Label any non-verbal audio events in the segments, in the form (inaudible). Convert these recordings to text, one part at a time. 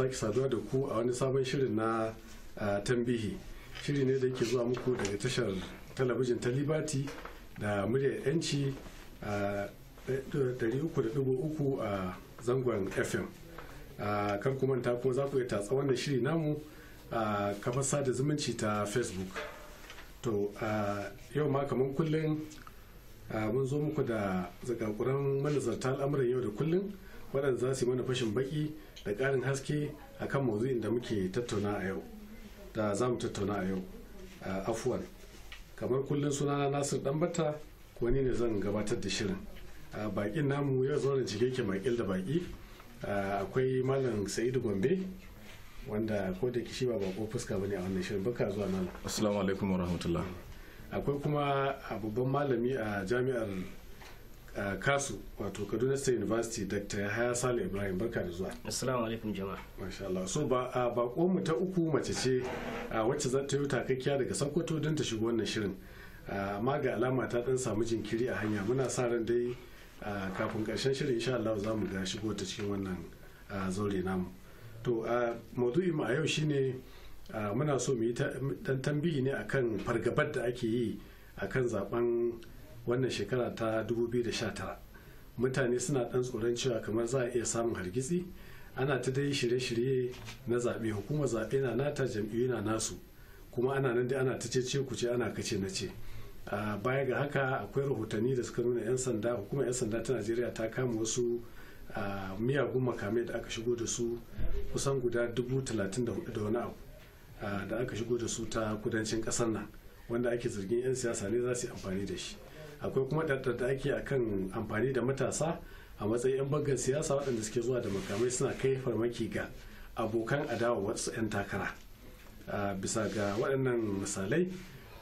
sake saduwa da ku a wani sabon shirin na tambihi shiri ne da yake zuwa muku daga tashar talabijin ta libati da muryar yanci a 300.3 a zangon fm kar ku manta kuma za ku iya tatsa wannan shiri namu a kafar sada zumunci ta facebook to yau ma kamar kullum mun zo muku da zakakuran manazarta al'amuran yau da kullum waɗanda za su yi mana fashin baki da ƙarin haske a kan maudu'in da muke tattauna a yau da za mu tattauna a yau afuwan kamar kullum sunana nasir ɗanbata wani ne zan gabatar da shirin a bakin namu yau da cike ke makil da baki akwai malam sa'idu gombe wanda ko da kishi ba bako fuska bane a wannan shirin baka zuwa nan assalamu alaikum warahmatullah akwai kuma babban malami a jami'ar Eh, kasu wato kaduna state university dr yahaya sale ibrahim barka da zuwa assalamu alaikum jama'a masha Allah so ba bako mu ta uku mace ce wacce za ta yi takakkiya daga sokoto don ta shigo wannan shirin amma ga alama ta dan samu jinkiri a hanya muna sa ran dai kafin karshen shirin insha Allah za mu ga shigo ta cikin wannan zaure namu to maudu'in mu a yau shine muna so mu yi dan tambayi ne akan fargabar da ake yi akan zaben wannan shekara ta 2019 mutane suna ɗan tsoron cewa kamar za a iya samun hargitsi ana ta dai shirye-shirye na zaɓe hukumar zaɓe na nata jam'iyyu na nasu kuma ana nan dai ana ta ce ku ce ana kace na ce baya ga haka akwai rahotanni da suka nuna 'yan sanda hukumar 'yan sanda ta najeriya ta kama wasu miyagun makamai da aka shigo da su kusan guda dubu talatin da wani abu da aka shigo da su ta kudancin ƙasar nan wanda ake zargin 'yan siyasa ne za su yi amfani da shi akwai kuma da ake akan amfani da matasa a matsayin 'yan bangar siyasa waɗanda suke zuwa da makamai suna kai farmaki ga abokan adawa wasu 'yan takara bisa ga waɗannan misalai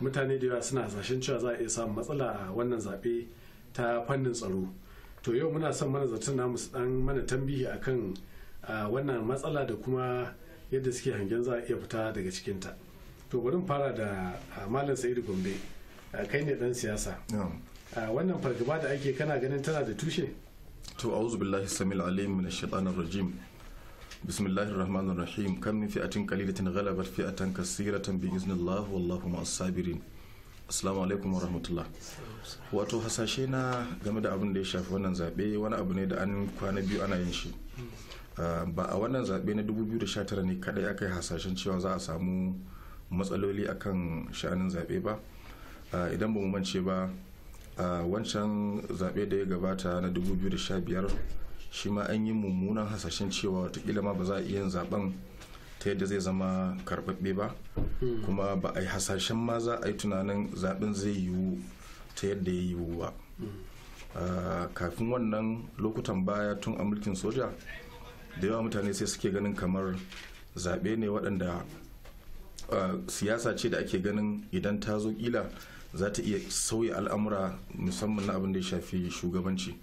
mutane da yawa suna hasashen cewa za a iya samun matsala a wannan zaɓe ta fannin tsaro to yau muna son mana zaton namu su ɗan mana tambihi akan wannan matsala da kuma yadda suke hangen za a iya fita daga cikinta to bari fara da malam sa'idu gombe kai ne dan siyasa wannan fargaba da ake kana ganin tana da tushe to a'udhu billahi samil alim minash shaitanir rajim bismillahir rahmanir rahim kam min fi'atin qalilatin ghalabat fi'atan kaseeratan bi iznillah wallahu ma'as sabirin assalamu alaikum wa rahmatullah wato hasashe na game da abin da ya shafi wannan zaɓe. wani abu ne da an kwana biyu ana yin shi ba a wannan zaɓe na 2019 ne kadai aka yi hasashen cewa za a samu matsaloli akan sha'anin zaɓe ba idan ba mu mance ba a wancan zaɓe da ya gabata na 2015 shi ma an yi mummunan hasashen cewa watakila ma ba za a iya zaben ta yadda zai zama karɓaɓɓe ba hmm. kuma ba a yi hasashen ma za a yi tunanin zaɓen zai yiwu ta yadda ya yiwu ba hmm. kafin wannan lokutan baya tun a mulkin soja da yawa mutane sai suke ganin kamar zaɓe ne waɗanda siyasa ce da ake ganin idan ta zo ƙila za ta iya sauya al'amura musamman na abin da ya shafi shugabanci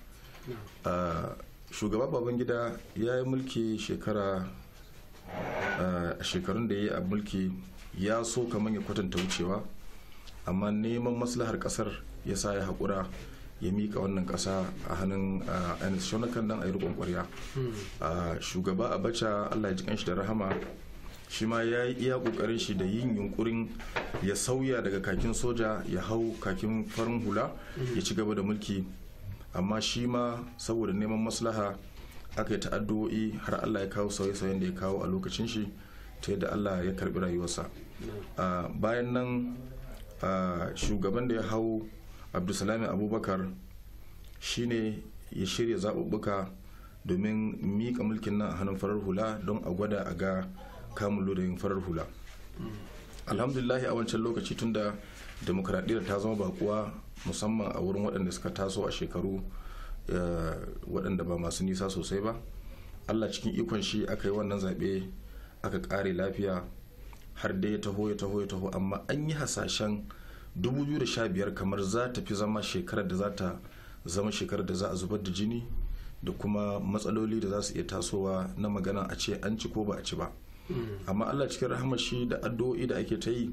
ah, shugaba gida ya yi mulki shekara ah, shekarun da ya yi a mulki ya so kamar ya kwatanta wucewa amma neman maslahar kasar ya sa ya haƙura ya mika wannan ƙasa a hannun ainihin ah, shonakan nan a yi riƙon ƙwarya hmm. shugaba abacha allah ya ji kanshi da rahama shi ma ya yi iya kokarin shi da yin yunkurin ya sauya daga kakin soja ya hau kakin farin hula ya ci gaba da mulki amma shi ma saboda neman maslaha aka yi ta'addu'o'i har allah ya kawo sauye-sauyen da ya kawo a lokacin shi ta yadda allah ya karbi rayuwarsa bayan nan shugaban da ya hau abdulsalami abubakar shine ya shirya zaɓuɓɓuka domin miƙa mulkin nan a hannun farar hula don a gwada a ga kamun ludayin farar hula alhamdulillahi a wancan lokaci tunda demokradiyyar ta zama bakuwa musamman a wurin waɗanda suka taso a shekaru eh, waɗanda ba masu nisa sosai ba allah cikin ikon shi aka yi wannan zaɓe aka ƙare lafiya har dai ya taho ya taho ya taho amma an yi hasashen 2015 kamar za ta fi zama shekarar da za ta zama shekarar da za a zubar da jini da kuma matsaloli da za su iya tasowa na magana a ce an ci ko ba a ci ba amma allah cikin rahama shi da addu'o'i da ake ta yi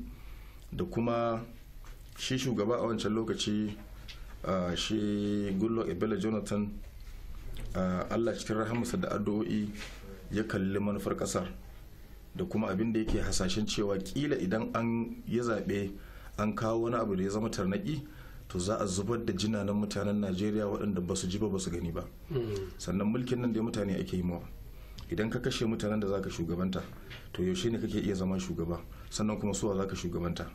da kuma shi shugaba a wancan lokaci shi gullo ebele jonathan allah cikin rahamarsa da addu'o'i ya kalli manufar kasar da kuma abin da yake hasashen cewa kila idan an yi zaɓe an kawo wani abu da ya zama tarnaki to za a zubar da jinanan mutanen najeriya waɗanda ba su ji ba ba su gani ba hmm. sannan mulkin nan ya mutane ake yi mawa idan ka kashe mutanen da zaka shugabanta to yaushe ne kake iya zama shugaba sannan kuma suwa zaka shugabanta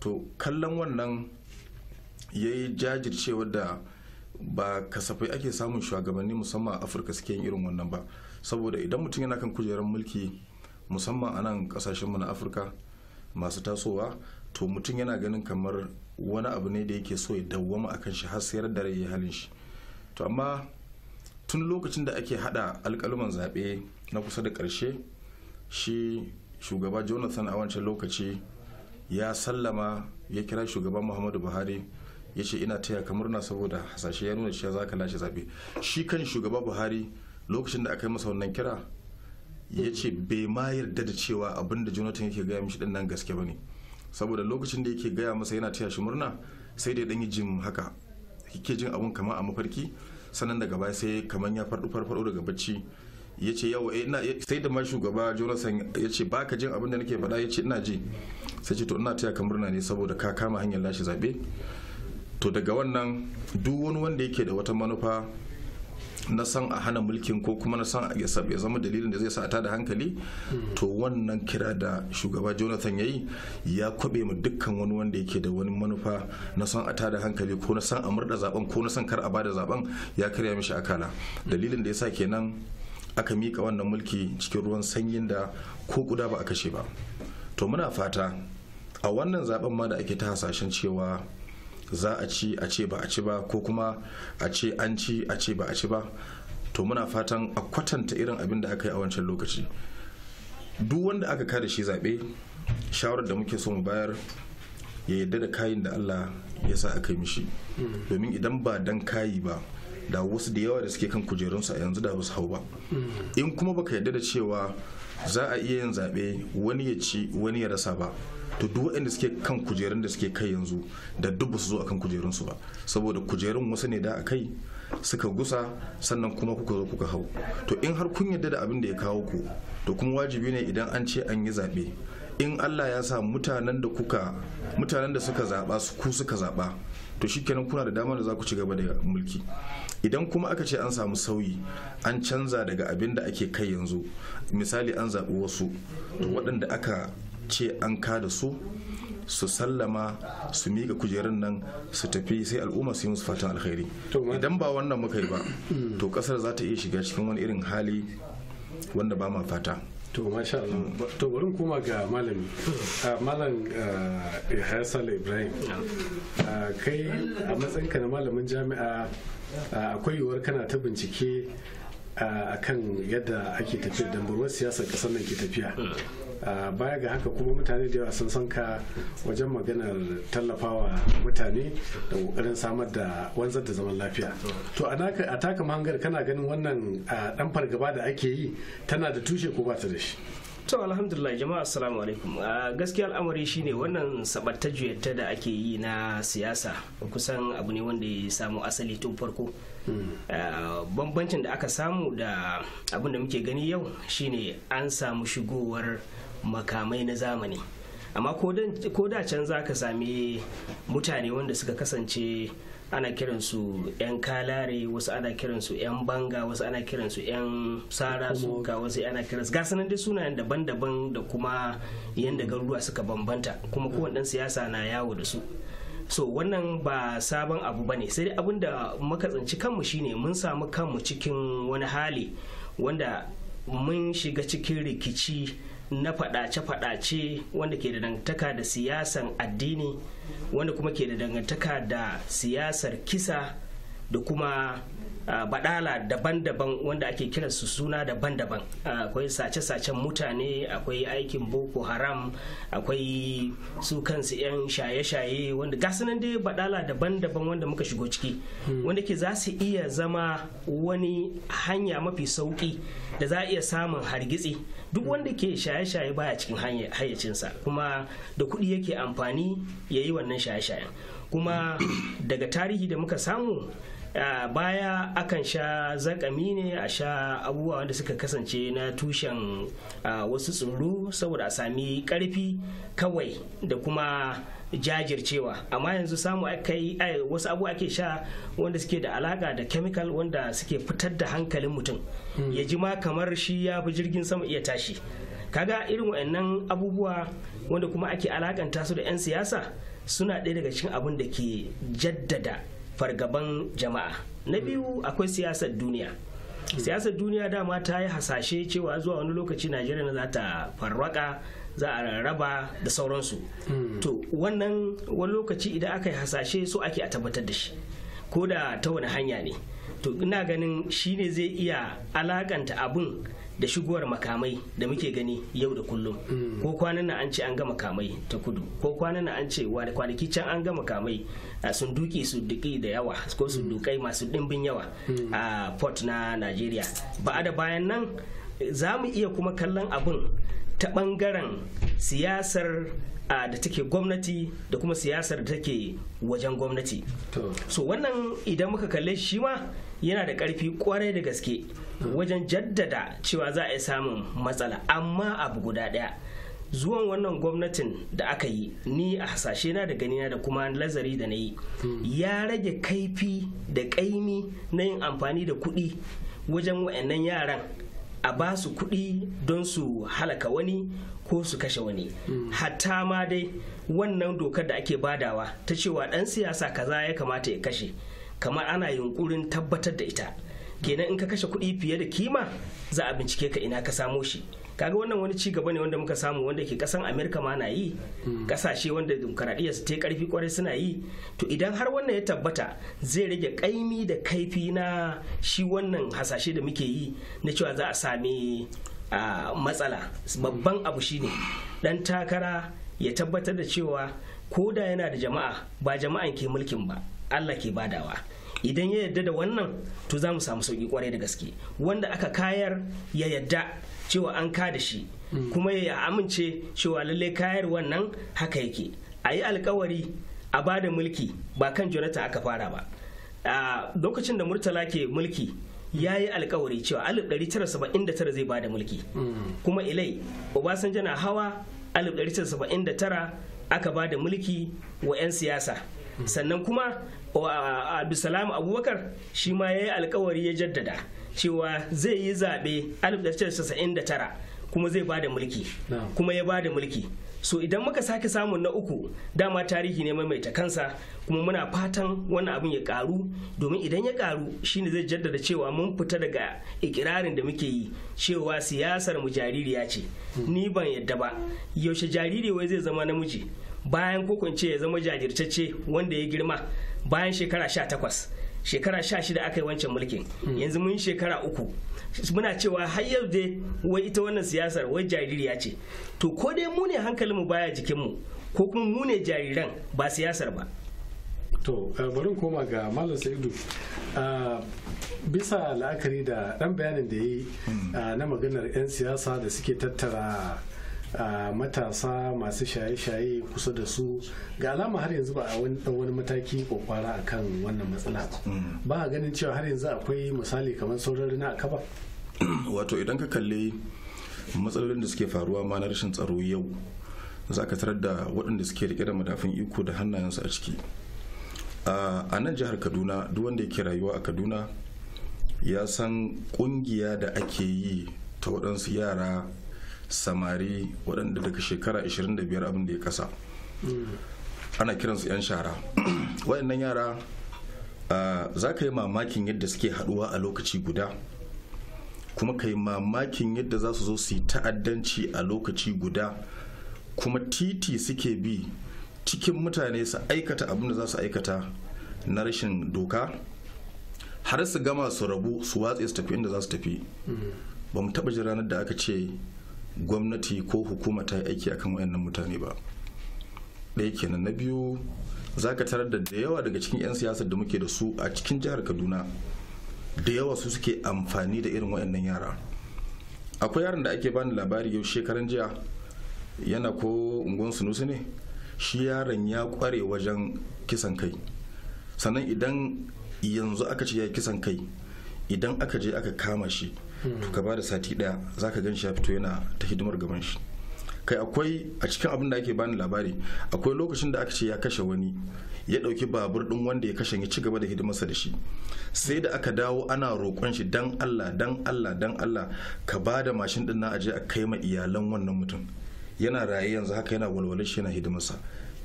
to kallon wannan ya yi jajircewar da ba kasafai ake samun shugabanni musamman a afirka suke yin irin wannan ba saboda idan mutum yana kan kujerar mulki musamman a nan kasashen mu na afirka masu tasowa to mutum yana ganin kamar wani abu ne da yake so ya dawwama akan shi har sayar da rai halin shi to amma tun lokacin da ake hada alkaluman zaɓe na kusa da ƙarshe shi shugaba jonathan a wancan lokaci ya sallama ya kira shugaban muhammadu buhari ya ce ina taya ka murna saboda hasashe ya nuna cewa za ka lashe zaɓe shi kan shugaba buhari lokacin da aka yi masa wannan kira ya ce bai ma yarda da cewa abin da jonathan yake gaya mishi nan gaske ba ne saboda lokacin da yake gaya masa yana taya shi murna sai da ya ɗan yi jin haka ke jin abun kama a mafarki sanan daga baya sai kamar ya farɗo farfaɗo daga bacci ya ce yawa eh, eh, sai da ma shugaba jonathan ya ce ba jin abin da nake faɗa ya ce ina ji sai ce to ina taya ka murna ne saboda ka kama hanyar lashe zaɓe to daga wannan duk wani wanda yake da wata manufa na san a hana mulkin ko kuma na san ya zama dalilin da zai sa ta da hankali to wannan kira da shugaba jonathan ya yi ya kwabe mu dukkan wani wanda yake da wani manufa na san a ta da hankali ko na san a murda zaben ko na san kar a bada zaben ya karya mishi akala dalilin da ya sa kenan aka mika wannan mulki cikin ruwan sanyin da ko guda ba a kashe ba to muna fata a wannan zaben ma da ake ta hasashen cewa za a ci a ce ba a ci ba ko kuma a ce an ci a ce ba a ci ba to muna fatan a kwatanta irin abin da aka yi a wancan lokaci duk wanda aka kada shi zaɓe shawarar da muke so mu bayar ya yadda da kayan da Allah ya sa aka yi mishi domin idan ba dan kayi ba da wasu da yawa da suke kan kujerunsa yanzu da wasu hau ba in kuma baka yadda da cewa za a iya yin zaɓe wani ya ci wani ya rasa ba to duk waɗanda suke kan kujerun da suke kai yanzu da duk ba su zo akan kujerun su ba saboda kujerun wasu ne da a kai suka gusa sannan kuma kuka zo kuka hau to in har kun yarda da abin da ya kawo ku to kuma wajibi ne idan an ce an yi zaɓe in Allah ya sa mutanen da kuka mutanen da suka zaɓa su ku suka zaɓa to shikenan kuna da dama da za ku ci gaba da mulki idan kuma aka ce an samu sauyi an canza daga abin da ake kai yanzu misali an zaɓi wasu to waɗanda aka ce an kada su su sallama su miƙa kujerun nan su tafi sai al'umma su yi musu fatan alkhairi idan ba wannan muka yi ba mm. to kasar za ta iya shiga cikin wani irin hali wanda ba ma fata to masha Allah mm. to bari koma ga malami mm. malam Yahya Ibrahim kai a matsayinka na malamin jami'a akwai yiwuwar kana ta bincike akan yadda ake tafiyar dambarwar siyasar kasar nan ke tafiya baya ga haka kuma mutane da yawa sun san ka wajen maganar tallafawa mutane da kokarin samar da wanzar da zaman lafiya to a taka mahangar kana ganin wannan dan fargaba da ake yi tana da tushe ko ba ta da shi to alhamdulillah jama'a assalamu alaikum gaskiya al'amari shine wannan sabatta juyatta da ake yi na siyasa kusan abu ne wanda ya samu asali tun farko hmm. bambancin da aka samu da abin da muke gani yau shine an samu shigowar makamai na zamani amma ko da can za ka sami mutane wanda suka kasance ana kiransu 'yan kalare wasu ana kiransu 'yan banga wasu ana kiransu 'yan sara suka wasu ana kiransu gasu nan dai sunayen daban-daban da kuma yadda garuruwa suka bambanta kuma kowane siyasa na yawo da su so wannan ba sabon abu ba ne sai dai abin da muka tsinci kanmu shine mun samu kanmu cikin wani hali wanda mun shiga cikin rikici na faɗace-faɗace wanda ke da dangantaka da siyasan addini wanda kuma ke da dangantaka da siyasar kisa da kuma badala daban-daban wanda ake kiransu suna daban-daban akwai sace-sacen mutane akwai aikin boko haram akwai su kansu 'yan shaye-shaye wanda gasunan dai badala daban-daban wanda muka shigo ciki hmm. wanda ke za su iya zama wani hanya mafi sauki da za a iya samun hargitsi duk wanda ke shaye-shaye baya cikin hayyacinsa kuma da kuɗi yake amfani ya yi wannan shaye-shayen kuma (clears throat) daga tarihi da muka samu baya akan sha zakami ne a sha abubuwa wanda suka kasance na tushen wasu tsoro saboda a sami ƙarfi kawai da kuma jajircewa amma yanzu samu kai wasu abu ake sha wanda suke da alaka da chemical wanda suke fitar da hankalin mutum hmm. ya ji ma kamar shi ya fi jirgin sama iya tashi kaga irin wayannan abubuwa wanda kuma ake alakanta su da 'yan siyasa suna ɗaya daga cikin abin da ke jaddada fargaban jama'a na hmm. biyu akwai siyasar duniya hmm. siyasar duniya dama ta yi hasashe cewa zuwa wani lokaci najeriya na za ta farwaka za a rarraba da sauransu hmm. to wannan wani lokaci idan aka yi hasashe so ake a tabbatar da shi ko da ta wani hanya ne to ina ganin shi ne zai iya alakanta abin da shigowar makamai da muke gani yau da kullum hmm. ko kwanan na an ce an ga makamai ta kudu ko kwanan na an ce kwanaki can an ga makamai sun duki su duki da yawa ko hmm. su dukai masu dimbin yawa a port na Najeriya? ba da bayan nan za mu iya kuma kallon abin ta ɓangaren siyasar da take gwamnati da kuma siyasar da take wajen gwamnati so wannan idan muka kalle shi ma yana da ƙarfi kwarai da gaske wajen jaddada cewa za a yi samun matsala amma abu guda ɗaya zuwan wannan gwamnatin da aka yi ni a hasashe na da ganina da kuma lazari da na yi ya rage kaifi da kaimi na yin amfani da kuɗi wajen wa'annan yaran a ba su kuɗi don su halaka wani ko su kashe wani hatta ma dai wannan dokar da ake badawa ta cewa ɗan siyasa kaza ya kamata ya kashe kamar ana yunkurin tabbatar da ita kenan in ka kashe kuɗi fiye da kima za a bincike ka ina ka samo shi kaga wannan wani ci gaba ne wanda muka samu wanda ke kasan amerika ma na yi kasashe hmm. wanda dimokuraɗiyya su ta karfi kwarai suna yi to idan har wannan ya tabbata zai rage kaimi da kaifi na shi wannan hasashe da muke yi na cewa za a sami matsala babban abu shine dan takara ya tabbatar da cewa ko da yana da jama'a ba jama'an ke mulkin ba allah ke badawa idan ya yarda da wannan to za mu samu sauki kwarai da gaske wanda aka kayar ya yarda cewa an ka da shi kuma ya amince cewa lallai kayar wannan haka yake a yi alkawari a ba da mulki ba kan jonathan aka fara ba lokacin da murtala ke mulki ya yi alkawari cewa alif 979 zai ba da mulki kuma ilai obasanjo na hawa alif 979 aka ba da mulki wa 'yan siyasa sannan kuma abdulsalam abubakar shi ma ya yi alkawari ya jaddada cewa zai yi zaɓe 1999 kuma zai bada mulki kuma ya bada mulki so idan muka sake samun na uku dama tarihi ne maimaita kansa kuma muna fatan wannan abin ya karu domin idan ya karu shine zai jaddada cewa mun fita daga ikirarin da muke yi cewa siyasar mu jaririya ce hmm. ni ban yadda ba yaushe jariri wai zai zama namiji bayan ko ya zama jajirtacce wanda ya girma bayan shekara sha takwas shekara sha shida aka yi wancan mulkin hmm. yanzu mun shekara uku muna cewa har yau dai wai ita wannan siyasar wai jaririya ce to ko dai mu ne mu baya jikin mu ko kuma mu ne jariran ba siyasar ba to eh, bari koma ga malam sa'idu eh, bisa la'akari da dan bayanin da yi hmm. eh, na maganar 'yan siyasa da suke tattara matasa masu shaye-shaye kusa da su ga alama har yanzu ba a wani mataki kokwara kan wannan matsala mm. ba a ganin cewa har yanzu akwai misali kamar sauran na a kaba (clears throat) wato idan ka kalli matsalolin da suke faruwa ma na rashin tsaro yau za ka tarar da waɗanda suke rike da madafin iko da hannayensu a ciki a nan jihar kaduna duk wanda yake rayuwa a kaduna ya san ƙungiya da ake yi ta waɗansu yara samari waɗanda daga shekara 25 abin da ya kasa ana kiransu 'yan shara (clears throat) waɗannan yara za ka yi mamakin yadda suke haɗuwa a lokaci guda kuma ka yi mamakin yadda za su zo su yi ta'addanci a lokaci guda kuma titi suke bi cikin mutane su aikata abin da za su aikata na rashin doka har su gama su rabu su watse su tafi inda za su tafi mm. ba mu taɓa jin ranar da aka ce gwamnati ko hukuma ta yi aiki akan wayannan mutane ba ɗaya kenan na biyu za ka tarar da da yawa daga cikin 'yan siyasar da muke da su a cikin jihar kaduna da yawa su suke amfani da irin wayannan yara akwai yaron da ake bani labari yau shekaran jiya yana ko unguwan sunusu ne shi yaron ya kware wajen kisan kai sannan idan yanzu aka ce ya kisan kai idan aka je aka kama shi to ka ba da sati daya zaka gan shi ya fito yana ta hidimar gaban shi kai akwai a cikin abin da ake bani labari akwai lokacin da aka ce ya kashe wani ya dauki babur din wanda ya kashe ya ci gaba da hidimarsa da shi sai da aka dawo ana roƙon shi dan Allah dan Allah dan Allah ka ba da mashin din na aje a kai ma iyalan wannan mutum yana raye yanzu haka yana walwalar shi yana hidimarsa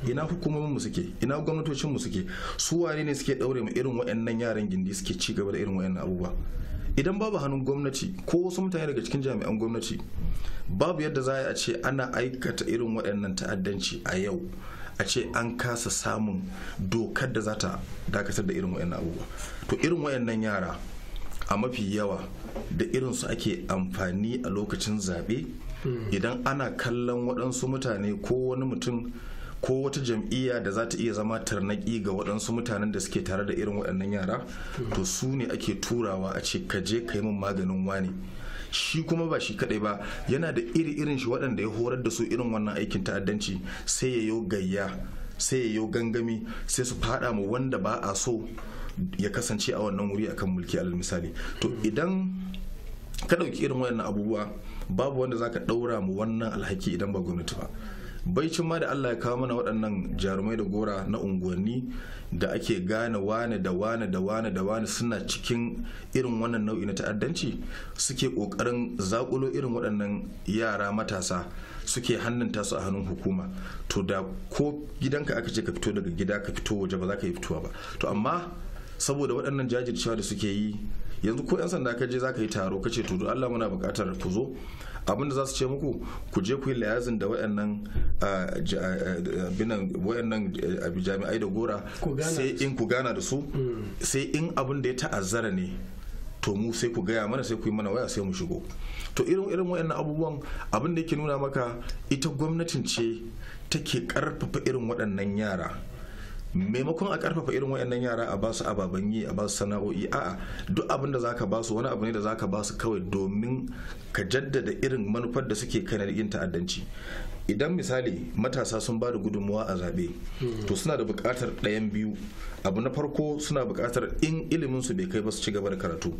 ina hukumomin mu suke ina gwamnatocin mu suke su wane ne suke daure mu irin waɗannan yaran gindi suke ci gaba da irin waɗannan abubuwa idan babu hannun gwamnati ko wasu mutane daga cikin jami'an gwamnati babu yadda za a ce ana aikata irin waɗannan ta'addanci a yau a ce an kasa samun dokar da za ta dakatar da irin waɗannan abubuwa to irin waɗannan yara a mafi yawa da irin irinsu ake amfani a lokacin zaɓe hmm. idan ana kallon waɗansu mutane ko wani mutum ko wata jam'iyya da za ta iya zama tarnaki ga waɗansu mutanen da suke tare da irin waɗannan yara to su ne ake turawa a ce ka je ka yi min maganin wani shi kuma ba shi kadai ba yana da iri irin shi waɗanda ya horar da su irin wannan aikin ta'addanci sai ya yo gayya sai ya yo gangami sai su faɗa mu wanda ba a so ya kasance a wannan wuri akan mulki alal misali to idan ka ɗauki irin wannan abubuwa babu wanda zaka ɗaura mu wannan alhaki idan ba gwamnati ba baicin ma da Allah ya kawo mana waɗannan jarumai da gora na unguwanni da ake gane wane da wane da wane da wane suna cikin irin wannan nau'i na ta'addanci suke ƙoƙarin zaƙulo irin waɗannan yara matasa suke hannunta su a hannun hukuma to da ko gidanka aka ce ka fito daga gida ka fito waje ba za ka yi fitowa ba to amma saboda waɗannan jajircewa da suke yi yanzu ko 'yan sanda ka je za ka yi taro ka ce to Allah muna buƙatar ku zo abinda za su ce muku ku je ku yi layazin da waɗannan binan jami'ai da gora sai in ku gana da su mm. sai in abin da ya ta'azzara ne to mu sai ku gaya mana sai ku yi mana waya sai mu shigo to irin irin abubuwan abin da yake nuna maka ita gwamnatin ce take ƙarfafa irin waɗannan yara maimakon a karfafa irin wayannan yara a basu ababen yi a basu sana'o'i a'a duk abin da zaka basu wani abu ne da zaka basu kawai domin ka jaddada irin manufar da suke kai na yin ta'addanci idan misali matasa sun ba da gudunmuwa a zaɓe to suna da bukatar ɗayan biyu abu na farko suna bukatar in iliminsu bai kai ba su ci gaba da karatu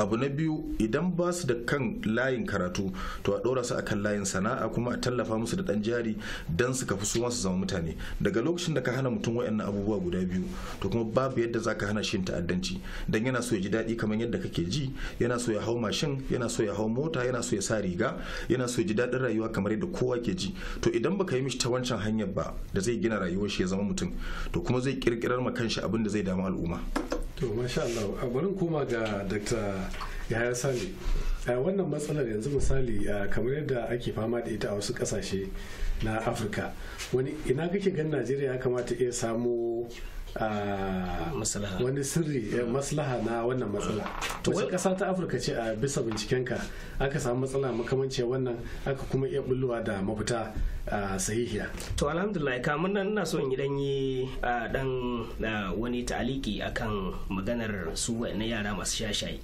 abu na biyu idan ba su da kan layin karatu to a ɗora su a kan layin sana'a kuma a tallafa musu da ɗan jari don su kafi su masu zama mutane daga lokacin da ka hana mutum wayannan abubuwa guda biyu to kuma babu yadda za ka hana shi ta'addanci don yana so ya ji daɗi kamar yadda kake ji yana so ya hau mashin yana so ya hau mota yana so ya sa riga yana so ya ji daɗin rayuwa kamar yadda kowa ke ji to idan baka yi mishi ta wancan hanyar ba da zai gina rayuwar shi ya zama mutum to kuma zai kirkirar ma kanshi abin da zai damu al'umma to masha Allah bari koma ga Dr. Yahaya Sani wannan matsalar yanzu misali kamar yadda ake fama da ita a wasu kasashe na Afirka wani ina kake gan Najeriya ya kamata iya samo wani sirri eh, maslaha na wannan matsala to wani kasa ta afirka ce a bisa bincikenka aka samu matsala makamanci wannan aka kuma iya bullowa da mafita sahihiya to alhamdulillah kamar nan ina so in yi dan yi dan wani ta'aliki akan maganar su na yara masu shashayi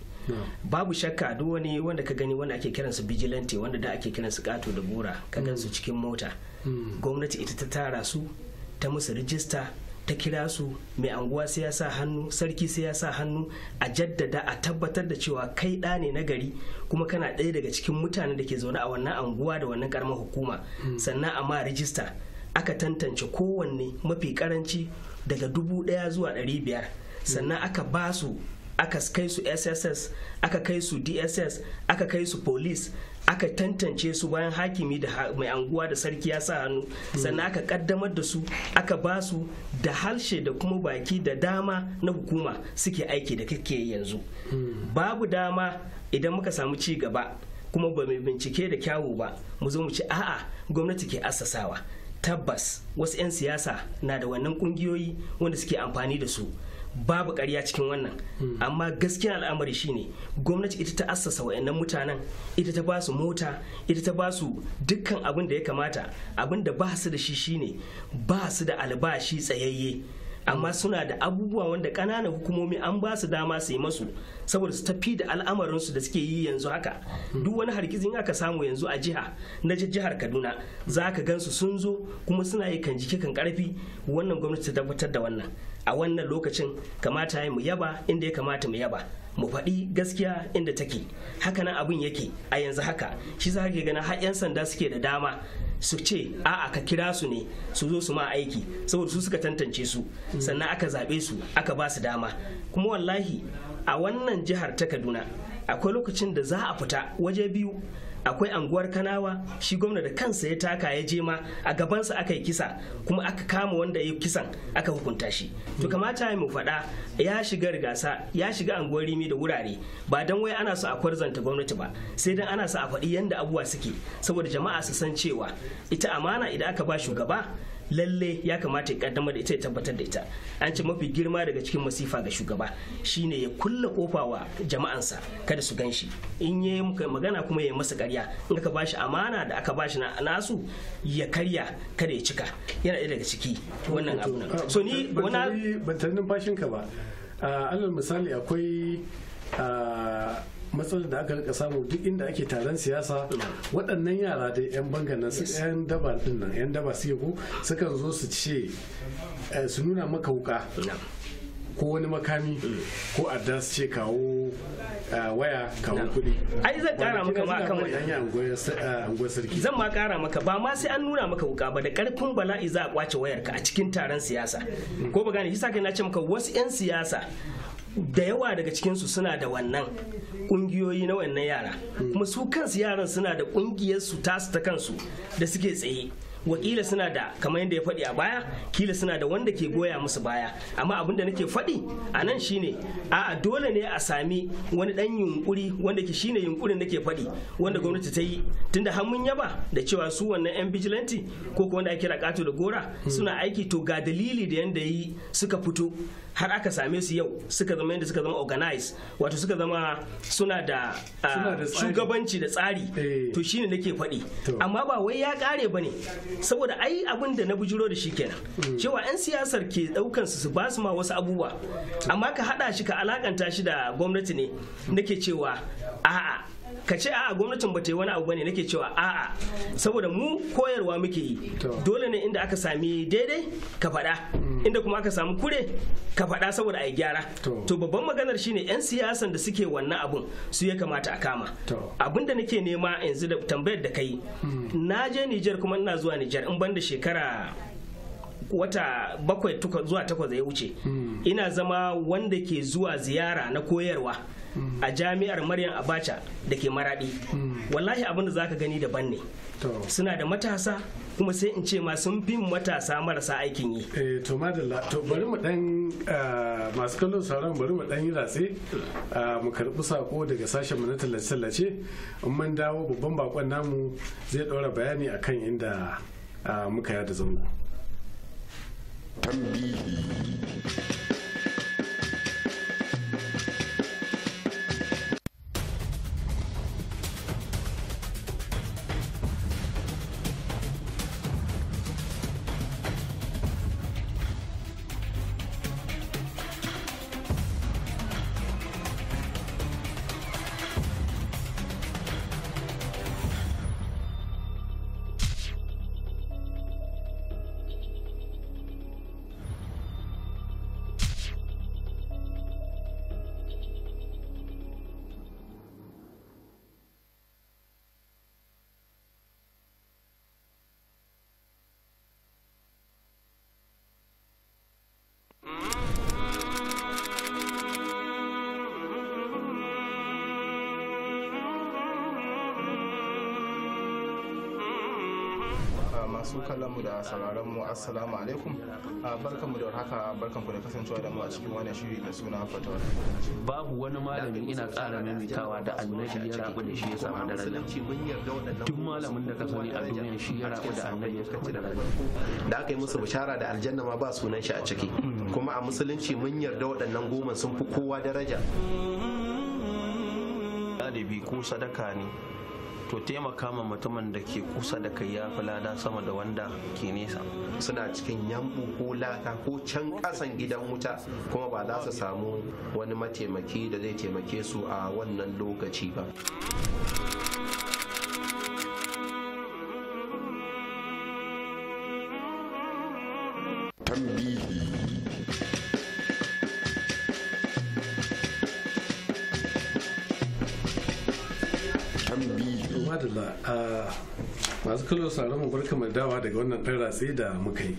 babu shakka duk wani wanda ka gani wanda ake kiransu vigilante wanda da ake kiransu kato da bora ka gansu mm. cikin mota mm. gwamnati ita ta tara su ta musu rijista ta kira su mai anguwa sai ya sa hannu sarki sai ya sa hannu a jaddada a tabbatar da cewa kai ɗa ne nagari kuma kana ɗaya daga cikin mutanen da ke zaune a wannan anguwa da wannan karamar hukuma hmm. sannan a ma rijista aka tantance kowanne mafi karanci daga dubu ɗaya zuwa ɗari biyar hmm. sannan aka ba su aka kai su sss aka kai su dss aka kai su police aka tantance su bayan hakimi da mai anguwa da sarki ya sa hannu sannan aka kaddamar da su aka ba su da harshe da kuma baki da dama na hukuma suke aiki da kake yanzu babu dama idan muka samu ci gaba kuma ba mai bincike da kyawu ba mu zo mu ci a'a gwamnati ke assasawa tabbas wasu 'yan siyasa na da wannan kungiyoyi wanda suke amfani da su babu ƙarya cikin wannan amma gaskiya al'amari shine gwamnati ita ta assasa wayannan mutanen ita ta basu mota ita ta basu dukkan abin da ya kamata abin da ba su da shi shine ba su da albashi tsayayye amma suna da abubuwa wanda ƙananan hukumomi an ba su dama su yi masu saboda su tafi da al'amarinsu da suke yi yanzu haka duk wani hargizin aka samu yanzu a jiha na jihar kaduna za ka gansu sun zo kuma suna yi kan jiki kan karfi wannan gwamnati ta tabbatar da wannan a wannan lokacin kamata mu yaba inda ya kamata mu yaba mu faɗi gaskiya inda take hakanan nan abin yake a yanzu haka shi za ka gana har 'yan sanda suke da dama su ce a'a ka kira su ne su zo su ma aiki saboda su suka tantance su sannan aka zaɓe su aka ba su dama kuma wallahi a wannan jihar ta kaduna akwai lokacin da za a fita waje biyu akwai anguwar kanawa shi gwamna da kansa ya taka ya je ma a gabansa aka yi kisa kuma aka kama wanda ya yi kisan aka hukunta shi to kamata mu faɗa ya shiga rigasa ya shiga anguwar rimi da wurare ba dan wai ana so a kwarzanta gwamnati ba sai dan ana so a faɗi yanda abubuwa suke saboda jama'a su san cewa ita amana idan aka ba shugaba lalle ya kamata ya kaddamar da ita ya tabbatar da ita an ce mafi girma daga cikin masifa ga shugaba shine ya kulla kofa wa jama'ansa kada su gan shi in ya magana kuma ya masa karya in aka bashi amana da aka bashi na nasu ya karya kada ya cika yana ɗaya daga ciki wannan abu nan so ni wani ban tarin ka ba ah, alal misali akwai ah, matsalar da aka rika samu duk inda ake taron siyasa waɗannan yara da 'yan bangan nan yan daba din nan yan daba su ko sukan zo su ce eh, su nuna maka wuka ko wani makami ko adda su ce kawo eh, waya kawo kuɗi ai zan kara maka ma akan wani sarki zan ma kara maka ba ma sai an nuna maka wuka ba da karfin bala'i za a kwace wayarka a cikin taron siyasa ko ba gane shi sa na ce maka wasu 'yan siyasa da yawa daga cikinsu suna da wannan kungiyoyi na wannan yara kuma su kansu yaran suna da kungiyarsu tasu ta kansu da suke tsaye wakila suna da kamar yadda ya faɗi a baya kila suna da wanda ke goya musu baya amma abin da nake faɗi a nan shine a dole ne a sami wani dan yunkuri wanda ke shine yunkurin nake faɗi wanda gwamnati ta yi tunda har mun yaba da cewa su wannan yan bijilanti ko wanda ake kira kato da gora suna aiki to ga dalili da yanda yi suka fito har aka same su yau suka zama yadda suka zama organize wato suka zama suna da ah, shugabanci da tsari eh. to shine nake faɗi amma ba wai ya ƙare ne? saboda ai abin da na bujiro da shi kenan hmm. cewa 'yan siyasar ke daukan su ba su ma wasu abubuwa amma ka hada shi ka alakanta shi da gwamnati ne nake cewa a'a ka ce a'a gwamnatin ba ta yi wani abu bane nake cewa a'a saboda mu koyarwa muke yi dole ne inda aka sami daidai ka faɗa mm. inda kuma aka sami kure ka faɗa saboda a yi gyara to babban maganar shine 'yan siyasan da suke wannan abun su ya kamata a kama abin da nake nema yanzu da tambayar da kai mm. na je Nijar kuma ina zuwa Nijar in ban da shekara wata bakwai zuwa takwas ya wuce hmm. ina zama wanda ke zuwa ziyara na koyarwa hmm. a jami'ar maryam abacha da ke maradi hmm. wallahi abin da za ka gani daban ne suna da matasa kuma sai in ce masu sun matasa marasa aikin yi eh to madalla to bari mu dan eh, masu kallon sauran bari mu dan yi ratse eh, mu karbi sako daga sashen mu na tallace-tallace in mun dawo babban bakon namu zai daura bayani akan inda eh, muka yada zango tambihi kallon mu da sauraron mu assalamu alaikum barkan mu da haka barkan ku da kasancewa da mu a cikin wannan shiri da suna fatawa babu wani malami ina ƙara maimaitawa da annabi ya rabu da shi ya samu daren duk malamin da ka sani a duniya shi ya rabu da annabi ya da daren da aka yi musu bishara da aljanna ma ba sunan shi a ciki kuma a musulunci mun yarda waɗannan goma sun fi kowa daraja ko sadaka ne to taimaka ma mutumin da ke kusa da kai ya fi lada sama da wanda ke nesa suna cikin yambu ko laka ko can kasan gidan wuta kuma ba za su samu wani mataimaki da zai taimake su a wannan lokaci ba kallon sauraron mu barka mai dawa daga wannan ɗan ratsi da muka yi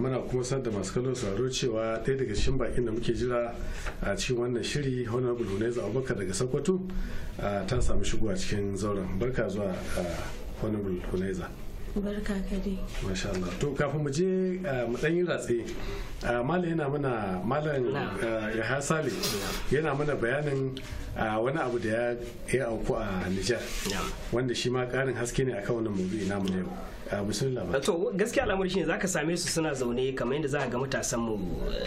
muna kuma sanar da masu kallon sauraro cewa ɗaya daga cikin bakin da muke jira a cikin wannan shiri honorable hunayza abubakar daga sokoto ta samu shigo a cikin zauren barka zuwa honorable hunayza barka ka dai masha Allah to kafin mu je eh, mu dan yi ratse eh, malam yana mana malam eh, ya Sale yana mana bayanin wani abu da ya auku a Nijar wanda shi ma karin haske ne akan wannan maudu'i namu na yau to gaskiya al'amari shine zaka same su suna zaune kamar yadda za ga matasan mu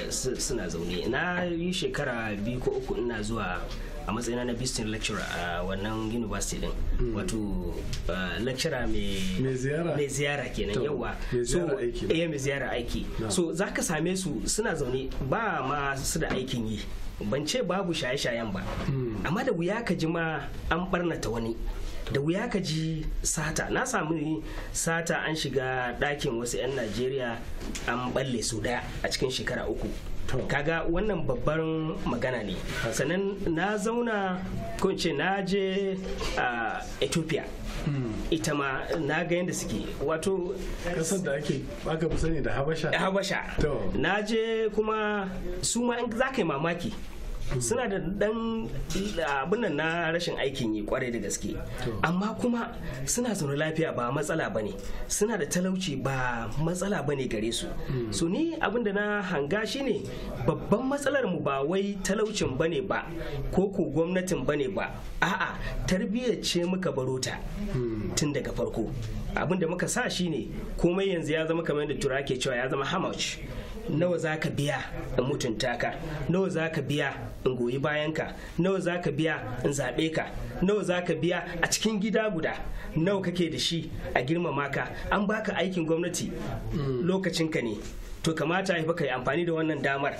suna zaune na yi shekara biyu ko uku ina zuwa a matsayina na visiting lecturer a wannan university din hmm. wato lecturer mai ziyara kenan yawa so eh mai ziyara aiki so zaka same su suna zaune ba ma su da aikin yi ban ce babu shaye-shayen ba hmm. amma da wuya ka ji ma an barnata wani da wuya ka ji sata na samu sata an shiga ɗakin wasu 'yan najeriya an balle su daya a cikin shekara uku kaga wannan babbar magana ne sannan na zauna kunce na je a ethiopia hmm. ita ma na ga yadda suke wato kasar da ake aka fi sani da habasha habasha na je kuma su ma za ka yi mamaki suna da dan abin na rashin aikin yi kwarai da gaske amma kuma suna zaune lafiya ba matsala ba ne suna da talauci ba matsala ba ne gare su so ni abin da na hanga shi ne babban matsalar mu ba wai talaucin ba ne ba ko ko gwamnatin ba ne ba a'a tarbiyyar ce muka baro ta tun daga farko abin da muka sa shi ne komai yanzu ya zama kamar da tura ke cewa ya zama how nawa za ka biya in mutunta ka nawa za ka biya in goyi bayan ka nawa za ka biya in zaɓe ka nawa za ka biya a cikin gida guda nawa kake da shi a girmama ka an baka aikin gwamnati lokacin ka ne to kamata ya ka yi amfani da wannan damar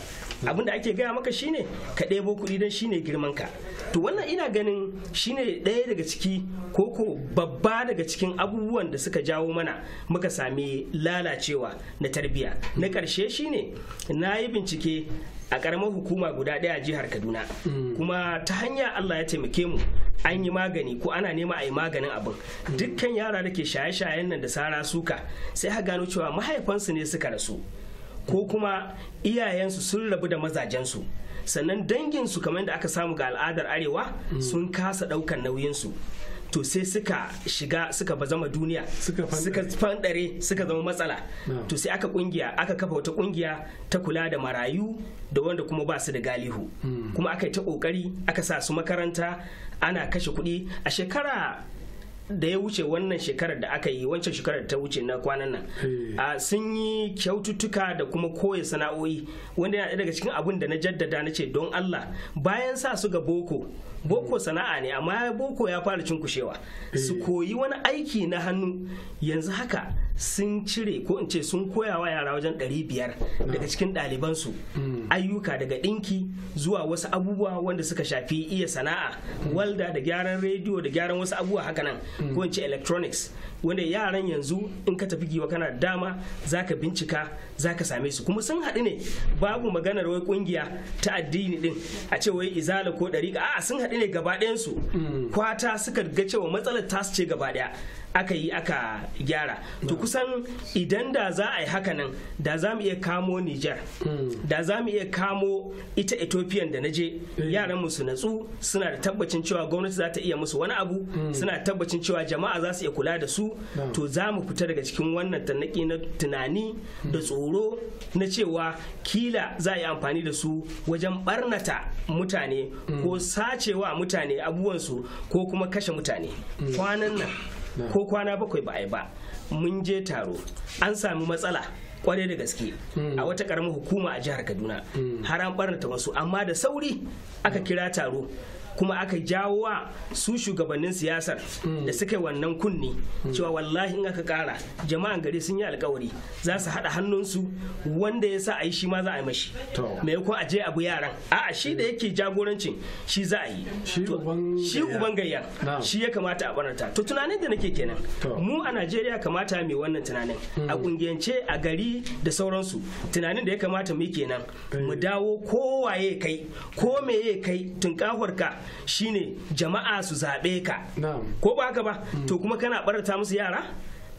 abin da ake gaya maka shine ka ɗebo kuɗi don shine girman ka to wannan ina ganin shine ɗaya daga ciki ko ko babba daga cikin abubuwan da suka jawo mana muka sami lalacewa na tarbiyya na karshe shine na yi bincike a karamar hukuma guda ɗaya a jihar kaduna mm. kuma ta hanya allah ya taimake mu an yi magani ko ana nema a yi maganin abin dukkan yara da ke shaye-shayen nan da sara suka sai ha gano cewa mahaifansu ne suka rasu ko kuma iyayensu sun rabu da mazajensu sannan danginsu kamar da aka samu ga al'adar arewa mm. sun kasa ɗaukan nauyinsu to sai suka shiga suka bazama duniya suka fandare suka zama matsala to sai aka kungiya aka kafa wata kungiya ta kula da marayu da wanda kuma ba su da galihu mm. kuma aka yi ta kokari aka sa su makaranta ana kashe kuɗi a shekara da ya wuce wannan shekarar da aka yi wancan shekarar da ta wuce na kwanan nan hmm. a sun yi kyaututtuka da kuma koya sana'o'i wanda yana daga cikin abin da na jaddada na ce don Allah bayan sa su ga boko boko sana'a ne amma boko ya fara cinkushewa eh. su koyi wani aiki na hannu yanzu haka sun cire ko in ce sun koya wa yara wajen 500 daga cikin ɗalibansu hmm. ayyuka daga ɗinki zuwa wasu abubuwa wanda suka shafi iya sana'a hmm. walda da gyaran rediyo da gyaran wasu abubuwa hakanan ko hmm. in ce electronics wanda yaran yanzu in ka tafi giwa kana dama za ka bincika za ka same su kuma sun haɗu ne babu maganar wai kungiya ta addini din a ce wai izala ko ɗariƙa a'a sun haɗu ne gaba ɗayan su mm. kwata suka ga cewa matsalar tasu ce gaba ɗaya aka yi aka gyara to kusan idan da za a yi hakanan da za mu iya kamo Nijar hmm. da za mu iya kamo ita Ethiopian da na je hmm. yaran mu su natsu suna da tabbacin cewa gwamnati za ta iya musu wani abu hmm. suna da tabbacin cewa jama'a za su iya kula da su to za mu fita daga cikin wannan tannaki na tunani da tsoro na cewa kila za a yi amfani da su wajen barnata mutane ko sacewa mutane abubuwansu ko kuma kashe mutane kwanan nan ko kwana bakwai ba a yi ba mun je taro an sami matsala kwarai da gaske hmm. a wata karamar hukuma a jihar kaduna hmm. har an barnata wasu amma da sauri aka kira taro kuma aka jawo wa su shugabannin siyasar mm. da suka yi wannan kunni mm. cewa wallahi in aka kara jama'an gari sun yi alkawari za su haɗa hannunsu wanda ya sa a yi shi ma za a yi mashi maimakon a je abu yaran a'a shi da yake jagorancin shi za a yi shi uban gayya shi ya kamata a barata to tunanin da nake kenan mu a najeriya kamata mai wannan tunanin mm. a kungiyance a gari da sauransu tunanin da ya kamata mu kenan eh. mu dawo kowaye kai ko me kai tunkahuwar ka shine jama'a su zaɓe ka ko ba haka ba mm. to kuma kana barata musu yara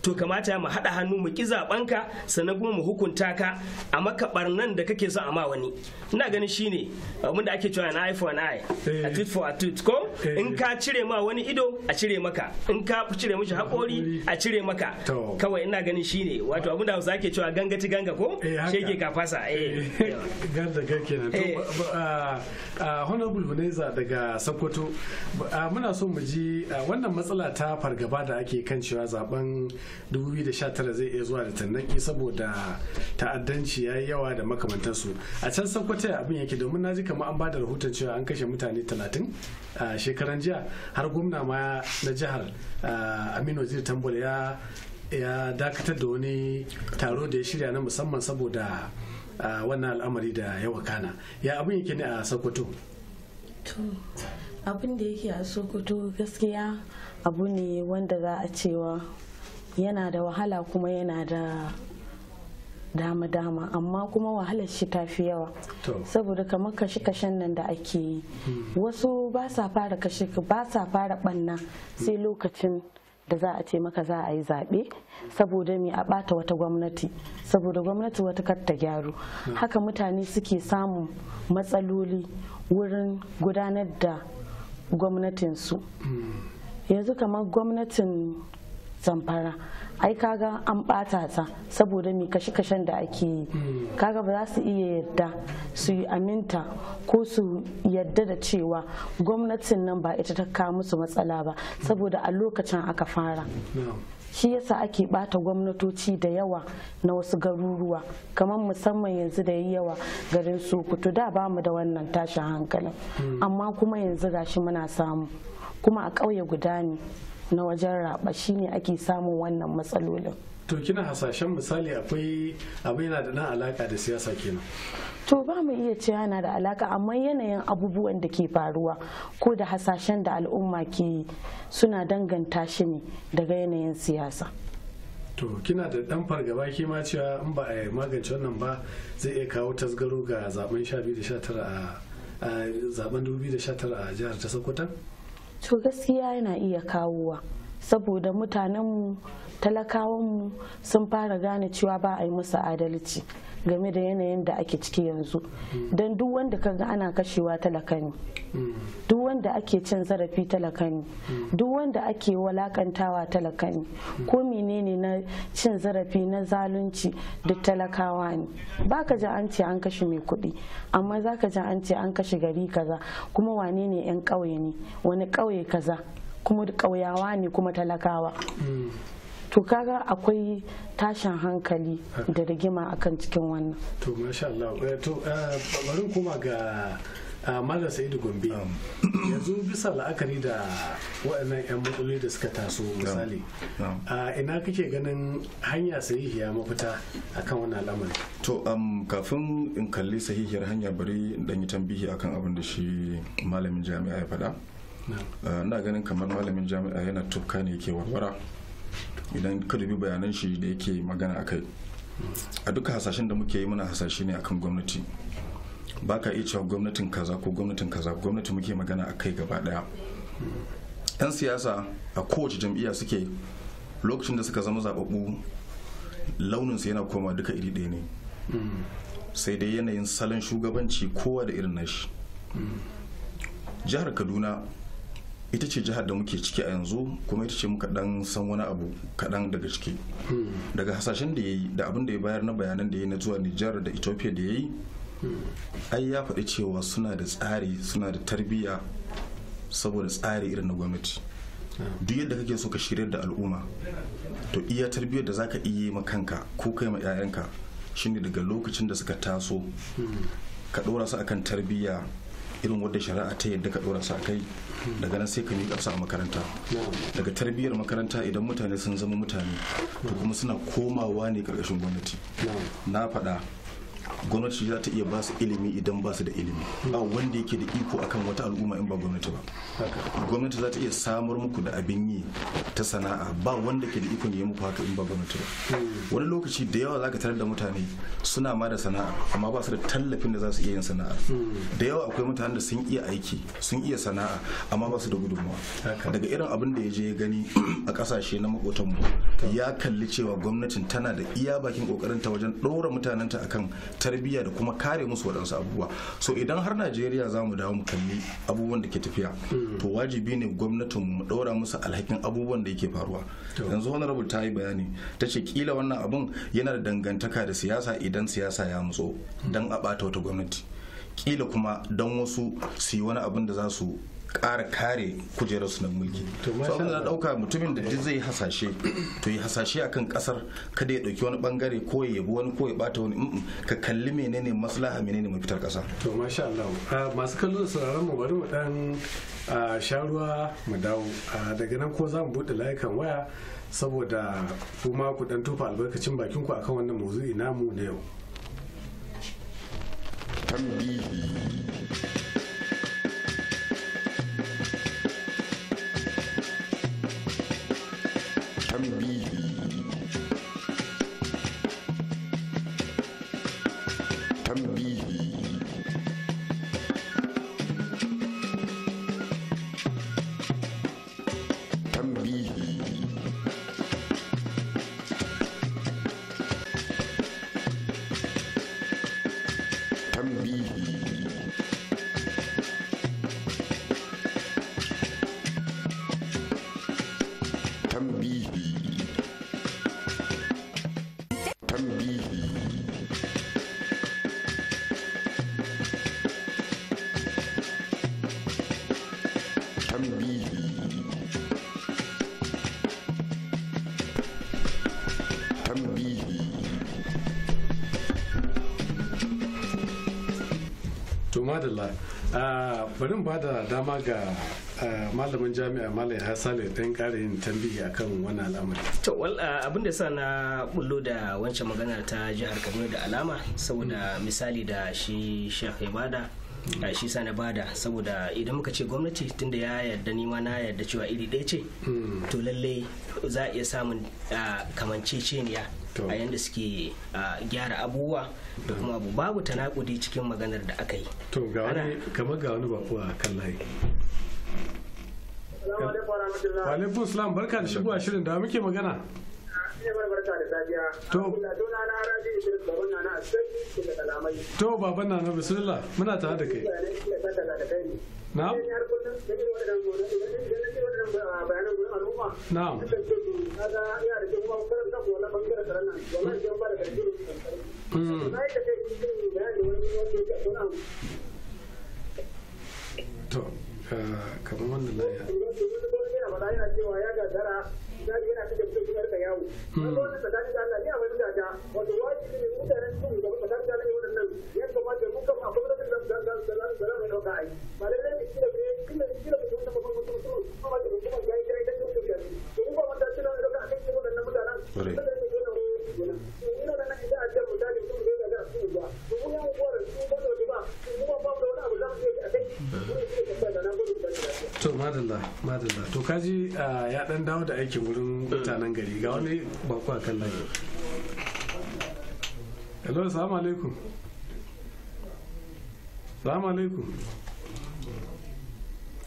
to kamata mu haɗa hannu mu ki zaben ka sannan kuma mu hukunta ka a maka barnan da kake so a ma wani ina ganin shine abinda da ake cewa na eye for an eye a eh. tooth for a tooth ko eh. in ka cire ma wani ido a cire maka in ka cire mishi haƙori a cire maka kawai ina ganin shine wato abinda da Hausa ke cewa ganga ti ganga ko Sheke ka fasa eh, eh. ganga ga kenan to ah, ah, honorable Huneza daga Sokoto ah, muna so mu ji wannan matsala ta fargaba da ake kan cewa zaben 2019 zai iya zuwa da tannaki saboda ta'addanci ya yi yawa da makamantansu a can sakwata abin yake domin na ji kamar an ba da rahoton cewa an kashe mutane 30 a shekaran jiya har gwamna ma na jihar aminu zir tambola ya ya dakatar da wani taro da ya shirya na musamman saboda wannan al'amari da ya wakana ya abin yake ne a sokoto abin da yake a sokoto gaskiya abu ne wanda za a cewa yana da wahala kuma yana da dama-dama amma kuma wahalar shi ta fi yawa saboda kamar kashe-kashen nan da ake yi wasu ba sa fara kashe ba sa fara banna sai lokacin da za a ce maka za a yi zaɓe saboda me a ɓata wata gwamnati saboda gwamnati wata kar ta gyaru hmm. haka mutane suke samun matsaloli wurin gudanar da gwamnatinsu hmm. yanzu kamar gwamnatin zamfara ai kaga an bata ta saboda mi kashe-kashen da ake yi hmm. kaga ba za su iya yarda su yi aminta ko su yarda da cewa gwamnatin nan ba ita ta kawo musu matsala ba saboda a lokacin aka fara shi yasa ake bata gwamnatoci da yawa na wasu garuruwa kamar musamman yanzu da yawa garin sokoto da bamu da wannan tashin hankalin hmm. amma kuma yanzu gashi muna samu kuma a ƙauye guda ne na wajen raba shine ake samun wannan matsalolin to kina hasashen misali akwai abin yana da na alaka da siyasa kenan to ba mu iya ce yana da alaka amma yanayin abubuwan da ke faruwa ko da hasashen da al'umma ke suna danganta shi ne daga yanayin siyasa to kina da dan fargaba ke ma cewa in ba a magance wannan ba zai iya kawo tasgaro ga zaben 2019 a jihar ta sokoto to gaskiya yana iya kawowa saboda mutanenmu talakawanmu sun fara gane cewa ba a yi musu adalci game da yanayin da ake ciki yanzu don duk wanda ka ga ana kashewa talaka ne duk wanda ake cin zarafi talaka ne duk wanda ake walakantawa talaka ne ko menene na cin zarafi na zalunci duk talakawa ne baka ji an ce an kashe mai kuɗi amma zaka ji an ce an kashe gari kaza kuma wane ne 'yan ƙauye ne wani ƙauye kaza kuma ƙauyawa ne kuma talakawa to kaga akwai tashin hankali da rigima akan cikin wannan to masha Allah eh, to eh, bari kuma ga eh, Malam Sa'idu Gombe yanzu bisa la'akari da waɗannan 'yan matsaloli da suka taso misali ina kake ganin hanya sahihiya mafita akan wannan al'amari to kafin in kalli sahihiyar hanya bari dan yi tambihi akan abin da shi malamin jami'a ya faɗa ina ganin kamar malamin jami'a yana tukka ne yake warwara idan ka dubi bayanan shi da yake magana a kai a duka hasashen da muke yi muna hasashe ne akan gwamnati ba ka iya cewa gwamnatin kaza ko gwamnatin kaza gwamnati muke magana a kai gaba daya yan siyasa a kowace jam'iyya suke lokacin da suka zama zababbu launinsu yana koma duka iri ɗaya ne sai dai yanayin salon shugabanci kowa da irin nashi jihar kaduna ita ce jihar da muke ciki a yanzu kuma ita ce muka dan san wani abu kaɗan daga ciki daga hasashen da ya yi da abin da ya bayar na bayanan da ya yi na zuwa nijar da ethiopia da ya yi ai ya faɗi cewa suna da tsari suna da tarbiyya saboda tsari irin na gwamnati duk yadda kake so ka shirya da al'umma to iya tarbiyyar da zaka iya ma kanka ko kai ma 'ya'yanka shine daga lokacin da suka taso ka ɗora su akan tarbiyya irin wadda shari'a ta yadda ka ɗora sa kai daga nan sai ka miƙa su a makaranta daga tarbiyyar makaranta idan mutane sun zama mutane to kuma suna komawa ne ƙarƙashin gwamnati na faɗa gwamnati za ta iya ba su ilimi idan ba su da ilimi ba wanda yake da iko akan wata al'umma in ba gwamnati ba gwamnati za ta iya samar muku da abin yi ta sana'a ba wanda ke da ne ya muku haka in ba gwamnati ba hmm. wani lokaci da yawa za ka tarar da mutane suna ma da sana'a amma ba su da tallafin da za su iya yin sana'a hmm. da yawa akwai mutanen da sun iya aiki sun iya sana'a amma ba su da gudunmawa daga irin abin da ya je ya gani (clears throat) a kasashe na makotanmu hmm. ya kalli cewa gwamnatin tana da iya bakin kokarin ta wajen ɗora mutanenta akan tarbiyya da kuma kare musu waɗansu abubuwa so idan har najeriya za mu dawo mu kalli abubuwan da ke tafiya hmm. to wajibi ne gwamnatin mu ɗora musu alhakin abubuwan da yake faruwa yanzu honorable ta yi bayani ta ce kila wannan abun yana da dangantaka da siyasa idan siyasa ya mutso hmm. don a ɓata wata gwamnati kila kuma don wasu su yi wani abin da za su ƙara kare kujerarsu na mulki so abin da ɗauka mutumin da zai hasashe to yi hasashe akan kasar kada ya ɗauki wani bangare ko ya yabi wani ko ya bata wani ka kalli menene maslaha menene fitar kasa to masha Allah masu kallo da sauraron mu bari mu dan sharuwa mu dawo daga nan ko za mu buɗe layukan waya saboda kuma ku dan tufa albarkacin bakin ku akan wannan maudu'i namu na yau tambihi alhamdulillah ah, bari ba da dama ga ah, malamin jami'a malam ya sale dan kare yin tambihi akan wannan al'amari to ah, abin da sa na bullo da wancan magana ta jihar Kaduna da alama saboda misali da shi Sheikh Ibada a shi sa na bada saboda idan muka ce gwamnati tunda ya yarda nima na yarda cewa iri ɗaya ce hmm. to lallai za a iya samun kamanceceniya a yadda suke gyara abubuwa da kuma abu babu tanakudi cikin maganar da aka yi to ga wani kamar ga wani bako a kan layi Walaikun salam barka da shigowa shirin da muke magana. To, to baba na na bismillah muna tare da kai na'am na'am hmm. to uh, kamar wannan na ya yawo wanda wannan tsakanin da ne a wani daga wato wajibi ne mutanen su da tsakanin da Allah ya kamata mu kama akwai wata da za za za za za mu dauka ai ba da ne kira ne kira ne kira ne kuma kuma kuma kuma kuma da kuma ga ita ita ta kuka da kira ne da kan cikin wannan mutanen da ne ne to madalla madalla to kaji ah, ya dan dawo da aikin wurin mutanen gari ga wani bako a kan layi hello assalamu alaikum assalamu alaikum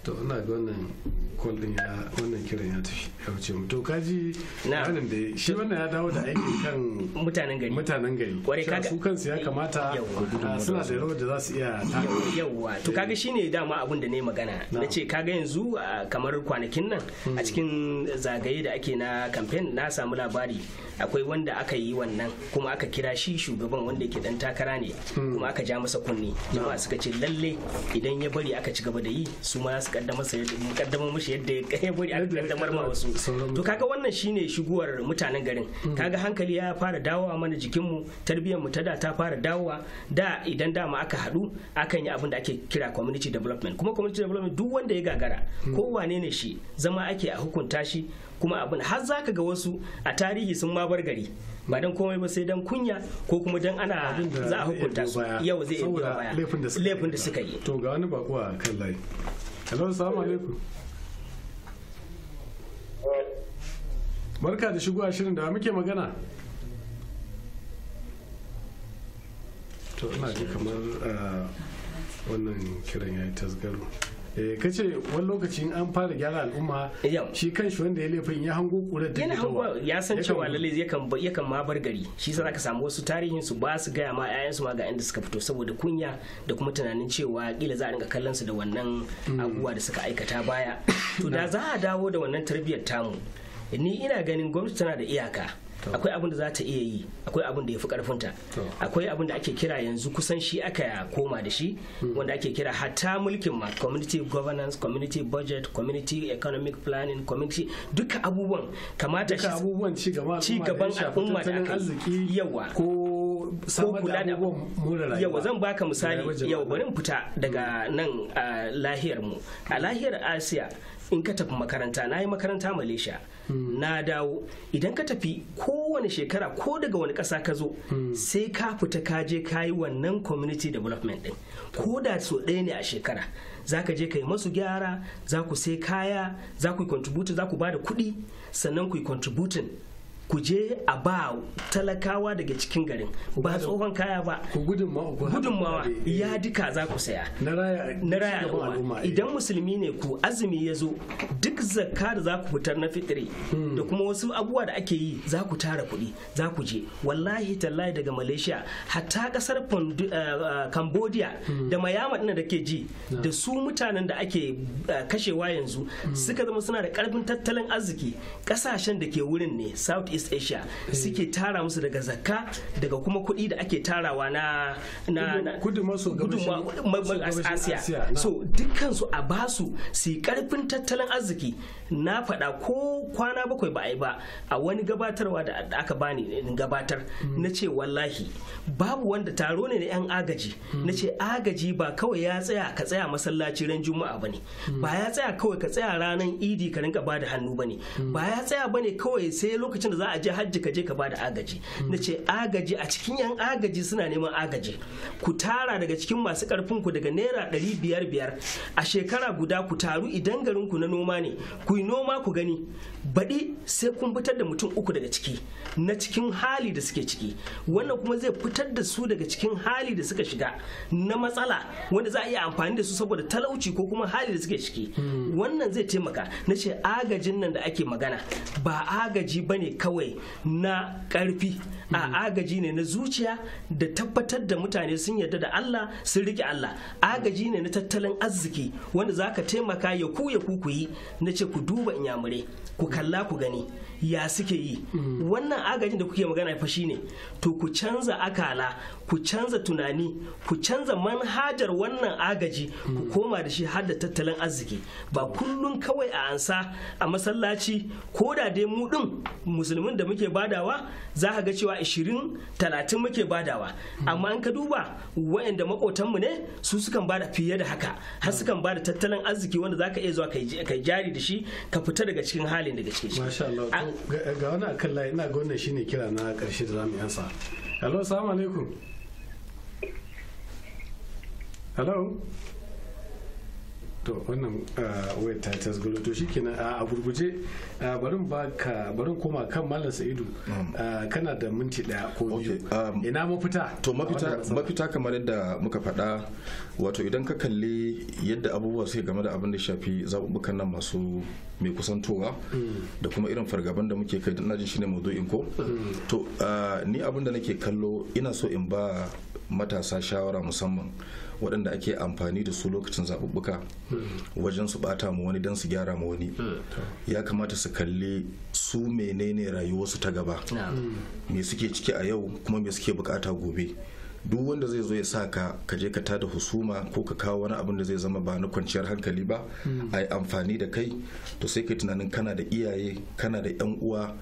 to ina ga wannan call ya wannan kiran ya tafi ya wuce mu to kaji wannan da shi wannan ya dawo da aiki kan mutanen gari mutanen gari kware kaga su kansu ya kamata suna da rawar da za su iya yawa to kaga eh. shine dama abin da ne magana nace kaga yanzu kamar kwanakin nan a hmm. cikin zagaye da ake na campaign na samu labari akwai wanda aka yi wannan kuma aka kira shi shugaban wanda yake dan takara ne hmm. kuma aka ja masa kunni jama'a suka ce lalle idan ya bari aka ci gaba da yi su ma za su kaddamar sa mu kaddama mushi yadda ya bari an kaddamar ma wasu to kaga wannan shine shiguwar mutanen garin hmm. kaga hankali ya fara dawowa mana jikin mu tarbiyyar mu ta da ta fara dawowa da idan da mu aka haɗu akan yi abin da ake kira community development kuma community development duk wanda ya gagara hmm. ko wane ne shi zama ake a hukunta shi kuma abin har za ka ga wasu a tarihi sun ma bar gari ba dan komai ba sai dan kunya ko kuma dan ana za a hukunta su yau zai iya baya laifin da suka yi to ga wani bakuwa kan layi hello salamu alaikum barka da shigo a shirin da muke magana to ina ji kamar ah, wannan kiran ya yi tasgaro Eh, ka ce wani lokacin an fara gyara al'umma shi kan shi wanda ya laifin ya hango kurar da yana ya san cewa lalle yakan kan ma bar gari shi yasa zaka samu wasu tarihin su ba su gaya ma ƴaƴan su ma ga inda suka fito saboda kunya da kuma tunanin cewa kila za a dinga kallon su da wannan mm. aguwa da suka aikata baya to da za a dawo da wannan tarbiyyar tamu ni ina ganin gwamnati tana da iyaka akwai abin da za ta iya yi akwai abin da ya fi karfinta akwai abin da ake kira yanzu kusan shi aka koma da shi hmm. wanda ake kira hatta mulkin ma community governance community budget community economic planning community duka abubuwan kamata shi abubuwan ci gaban al'umma da aka yawa ko kula da yawa zan baka misali yau bari fita daga hmm. nan lahiyar mu a lahiyar asiya in ka tafi makaranta na yi makaranta malaysia Hmm. na dawo idan ka tafi kowane shekara ko daga wani ƙasa ka zo hmm. sai ka fita ka je ka yi wannan community development din ko da so ɗaya ne a shekara za ka je ka yi masu gyara za ku sai kaya za ku yi contributing za ku ba da kuɗi sannan ku yi contributing ku je a ba talakawa daga cikin garin ba tsohon kaya ba gudunmawa ya duka za ku saya na raya al'umma eh. idan musulmi ne ku azumi ya zo duk zakka da za ku fitar na fitiri hmm. da kuma wasu abubuwa da ake yi za ku tara kuɗi za ku je wallahi tallahi daga malaysia hatta kasar eh, eh, cambodia hmm. da mayama ɗin da ke ji da su mutanen da ake kashewa yanzu hmm. suka zama suna da ƙarfin tattalin arziki ƙasashen da ke wurin ne south east asia suke tara musu daga zakka daga kuma kuɗi da ake tarawa na na kudu maso Asia so dukkan su a basu su yi karfin tattalin arziki na faɗa ko kwana bakwai ba a yi ba a wani gabatarwa da aka bani gabatar hmm. na ce wallahi babu wanda taro ne na 'yan agaji na hmm. ce agaji ba kawai ya tsaya ka tsaya masallaci ran juma'a bane hmm. ba ya tsaya kawai ka tsaya ranar idi ka rinka da hannu bane ba ya tsaya bane kawai sai lokacin da za a je hajji ka je ka bada agaji hmm. na ce agaji a cikin yan agaji suna neman agaji ku tara daga cikin masu karfin ku daga naira ɗari biyar biyar a shekara guda ku taru idan garin ku na noma ne ku yi noma ku gani baɗi sai kun fitar da mutum uku daga ciki na cikin hali da suke ciki wannan kuma zai fitar da su daga cikin hali da suka shiga na matsala wanda za a iya amfani da su saboda talauci ko kuma hali da suke ciki hmm. wannan zai taimaka na ce agajin nan da ake magana ba agaji bane kawai kawai na ƙarfi a agaji ne na zuciya da tabbatar da mutane sun yarda da Allah sun rike Allah agaji ne na tattalin arziki wanda za ka taimaka ya ku ya ku yi na ce ku duba inyamurai ku kalla ku gani ya suke yi mm-hmm. wannan agajin da kuke magana fashi ne to ku canza akala ku canza tunani ku canza manhajar wannan agaji ku mm-hmm. koma da shi har da tattalin arziki ba kullum kawai a ansa a masallaci ko da dai mu din musulmin da muke badawa za ka ga cewa zuwa 20 30 muke badawa amma in ka duba wa'anda makotanmu ne su sukan bada fiye da haka har sukan bada tattalin arziki wanda za ka iya zuwa kai jari da shi ka fita daga cikin halin daga cikin shi ga wani akan layi ina ga wannan shine kira na karshe da zamu yansa hello assalamu alaikum hello to wannan ah, wayar ta ta zgulo to shikenan ah, a gurguje ah, barin baka barin koma kan mallam sa'idu mm. kana da minti daya ko biyu um, ina mafita to mafita mafita kamar yadda muka faɗa wato idan ka kalli yadda abubuwa suke game da abin da shafi zaɓuɓɓukan nan masu mai kusantowa mm. da kuma irin fargaban da muke kai ina jin shine zo'in ko mm. to ni abin da nake kallo ina so in ba matasa shawara musamman waɗanda ake amfani da su lokacin zaɓuɓɓuka wajen su ɓata ma wani don su gyara ma wani ya kamata su kalli su menene rayuwarsu ta gaba me suke ciki a yau kuma me suke bukata gobe duk wanda zai zo ya sa ka ka je ka tada husuma ko ka kawo wani abin da zai zama ba na kwanciyar hankali ba a yi amfani da kai to sai ka tunanin kana da iyaye kana da yan uwa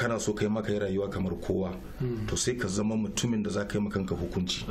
kana so kai maka rayuwa kamar kowa to sai ka zama mutumin da za ka yi makanka hukunci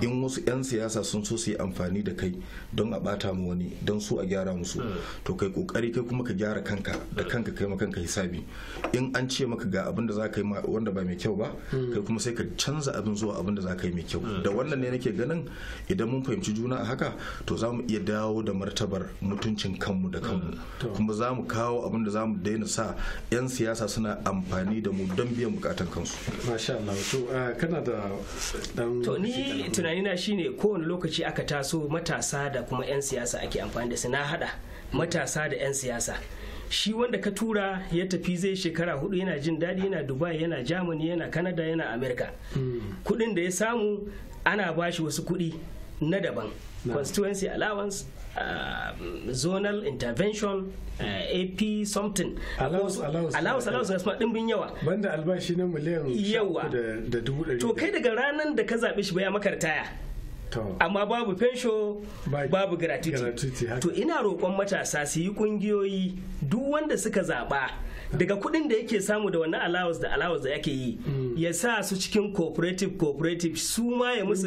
in wasu 'yan siyasa sun so su yi amfani da kai don a bata mu wani don so a gyara musu to kai kokari kai kuma ka gyara kanka da kanka kai makanka hisabi in an ce maka ga abin da za ka yi wanda ba mai kyau ba kai kuma sai ka canza abin zuwa abin da za ka yi mai kyau da wannan ne nake ganin idan mun fahimci juna a haka to za mu iya dawo da martabar mutuncin kanmu da kanmu mm, kuma za mu kawo abin da za mu daina sa 'yan siyasa suna amfani amfani da mu don biyan bukatan kansu masha Allah to ah, kana da dan to ni tunani na shine kowane lokaci aka taso matasa da kuma yan siyasa ake amfani da su na hada matasa da yan siyasa shi wanda ka tura ya tafi zai shekara hudu yana jin daɗi yana dubai yana germany yana canada yana america hmm. kudin da ya samu ana bashi wasu kudi na daban constituency allowance Um, zonal intervention uh, ap something allowance allowance allowance suna ɗimbin yawa banda albashi na miliyan yawa to kai daga ranar da ka zaɓi shi ba ya maka ritaya amma babu fensho babu gratuity to ina roƙon matasa su yi ƙungiyoyi duk wanda suka zaɓa daga kuɗin da yake samu da wannan allowance da allowance da yake yi mm. ya sa su cikin cooperative cooperative su ma ya musu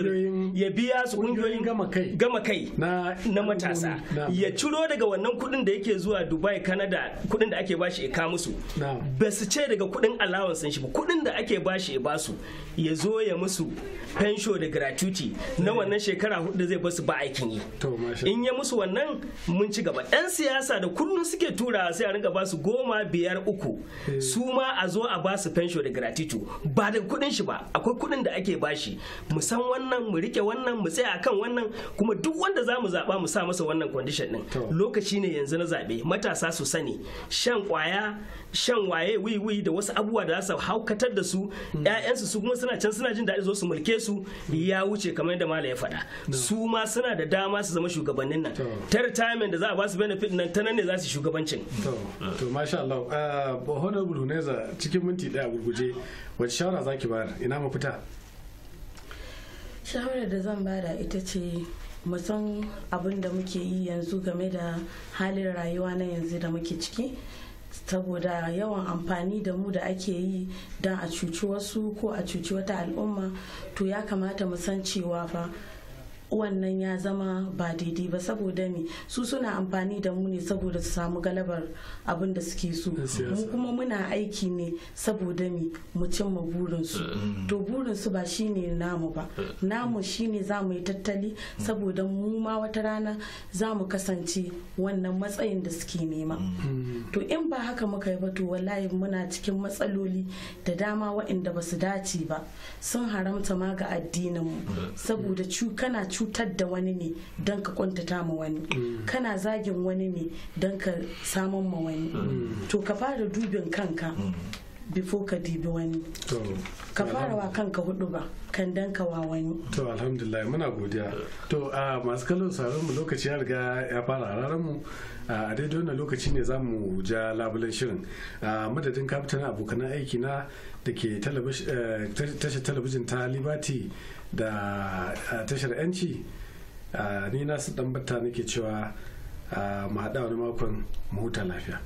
ya biya su kungiyoyin gama kai na matasa ya ciro daga wannan kuɗin da yake zuwa Dubai Canada kuɗin da ake bashi ya ka musu ba su ce daga kuɗin allowance shi ba kuɗin da ake bashi ya basu ya zo ya musu pension da gratuity na eh. wannan shekara hudu zai basu ba aikin yi in ya musu wannan mun ci gaba 'yan siyasa da kullum suke turawa sai a ringa basu goma biyar uku eh. su ma a zo a ba su fensho da gratitu ba da kuɗin shi ba akwai kuɗin da ake shi mu san wannan mu rike wannan mu tsaya akan wannan kuma duk wanda za mu zaɓa mu sa masa wannan condition din lokaci ne yanzu na zaɓe matasa su sani shan kwaya shan waye wiwi da wasu abubuwa da za su haukatar da su hmm. ƴaƴansu su kuma suna can suna jin daɗi zo su mulke su ya wuce kamar yadda mala ya faɗa hmm. su ma suna da dama su zama shugabannin nan ta retirement da za a ba su benefit nan ta nan ne za su shugabancin hmm. to masha Allah uh, honorable Huneza cikin minti ɗaya gurguje wace shawara zaki bayar ina mafita shawarar da zan bada ita ce mu san abin da muke yi yanzu game da halin rayuwa na yanzu da muke ciki saboda yawan amfani da mu da ake yi don a cuci wasu ko a cuci wata al'umma to ya kamata mu san cewa fa wannan ya zama ba daidai ba saboda ne su suna amfani da mu ne saboda su samu galabar abin da suke so mu kuma muna aiki ne saboda mi mu cimma burinsu mm. to burinsu ba shine namu ba mm. namu shine za mu yi tattali mm. saboda mu ma wata rana za mu kasance wannan matsayin da suke nema to in ba haka muka yi ba to wallahi muna cikin matsaloli da dama waɗanda ba su dace ba sun haramta ma ga addinin addininmu saboda kana cutar da wani ne don ka kwantata ma wani mm. kana zagin wani ne don ka samun ma wani mm. to ka fara dubin kanka mm. before ka dibi wani ka fara wa kanka hudu ba kan dan ka wa wani to alhamdulillah muna godiya to a masu kallon sauran mu lokaci ya riga ya fara raran mu a daidai wannan lokaci ne za mu ja labulen shirin a madadin kaftan abokan aiki na da ke eh, tashar talabijin ta liberty da eh, tashar yanci eh, ni na nasu dambata nake cewa mu haɗa wani makon mu huta lafiya.